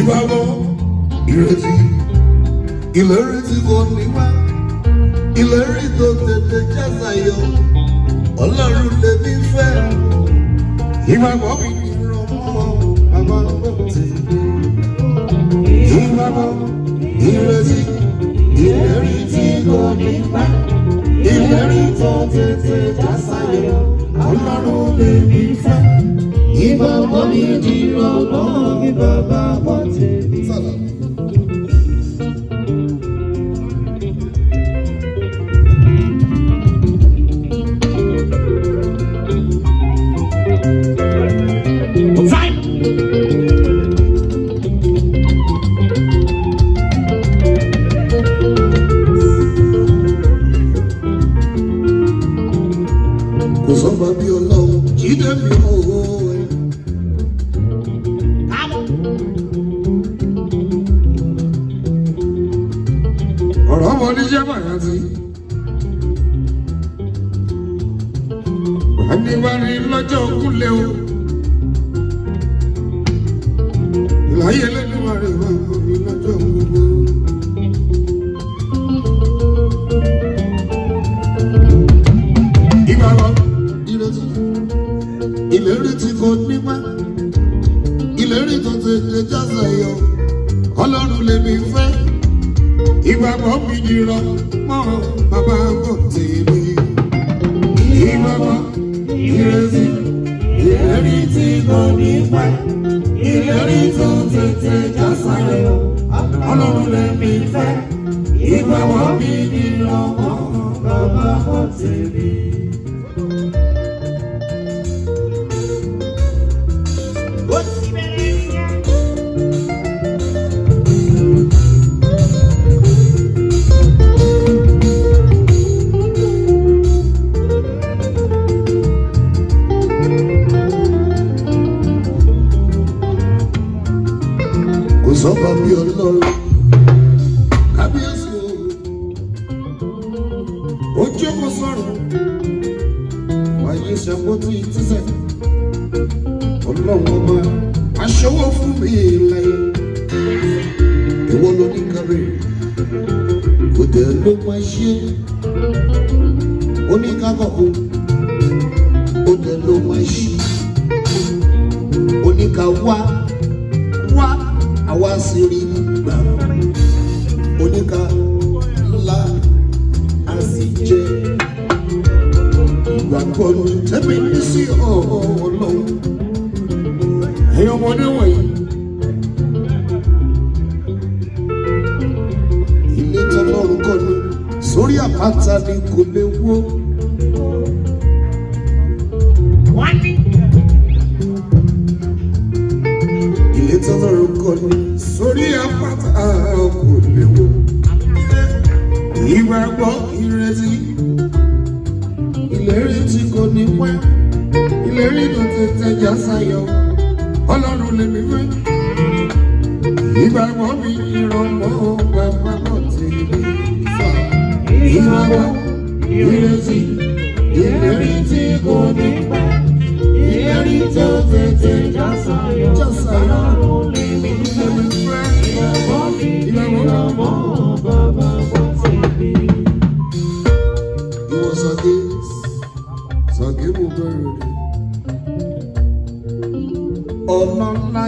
ìbábọ̀ ìrètí ìlérí tí kò níwá ìlérí tó tètè jásàyọ ọlọ́run lèmi fẹ́ ìgbàgbọ́ mi kì í ràn mọ́ bàbá bẹ̀rẹ̀ ìbábọ̀ ìrètí ìlérí tí kò níwá ìlérí tó tètè jásàyọ ọlọ́run lèmi fẹ́ ìgbàgbọ́ mi kì í ràn mọ́ bàbá bẹ̀rẹ̀. kò sọ́ba bí ọlọ́run jíde mi ò ẹ̀. ọ̀rọ̀ ọmọ oníṣẹ́ màyàtì. Aníwárí lọ́jọ́ kúlẹ̀ o. Ìlàyé lẹ́nu wárí wá lọ́jọ́. ìlérí tí kò ní pẹ́ ìlérí tó tètè jáde yọ ọlọ́run lèmi fẹ́ ìgbàgbọ́ mi jìrọ mọ́ bàbá kò tèmi ìgbàgbọ́ ìrètí ìlérí tí kò ní pẹ́ ìlérí tó tètè jáde yọ ọlọ́run lèmi fẹ́ ìgbàgbọ́ mi jìrọ mọ́ bàbá kò tèmi. sọ́ba bí ọlọ́run kábíyèsí o ojú kò sọ̀rọ̀ wáyé ṣàpótí tíṣẹ̀ ọlọ́run ọba aṣọwọ́ fún mi láyé ìwọ ló ní kárí kò tẹ̀ ló máa sì rí gbà oníkà ńlá a sì jẹ ìgbàgbọ́ tẹ́mi ní sí ọ̀ọ́ ọlọ́run ẹ̀yin ọmọ oníwọ̀n yìí. sórí àpáta ni kò lè wó. wọ́n ní. ilé kọ́ ni. ìgbàgbọ́ ìrètí ìlérí tí kò ní pẹ́ ìlérí tó tètè já sáyọ ọlọ́run lè mí fẹ́ ìgbàgbọ́ mi ìrànwọ́ gbàgbọ́ tèmi fà ìgbàgbọ́ ìrètí ìlérí tí kò ní pẹ́ ìlérí tó tètè já sáyọ ọlọ́run. days. So give me a bird. Oh, no,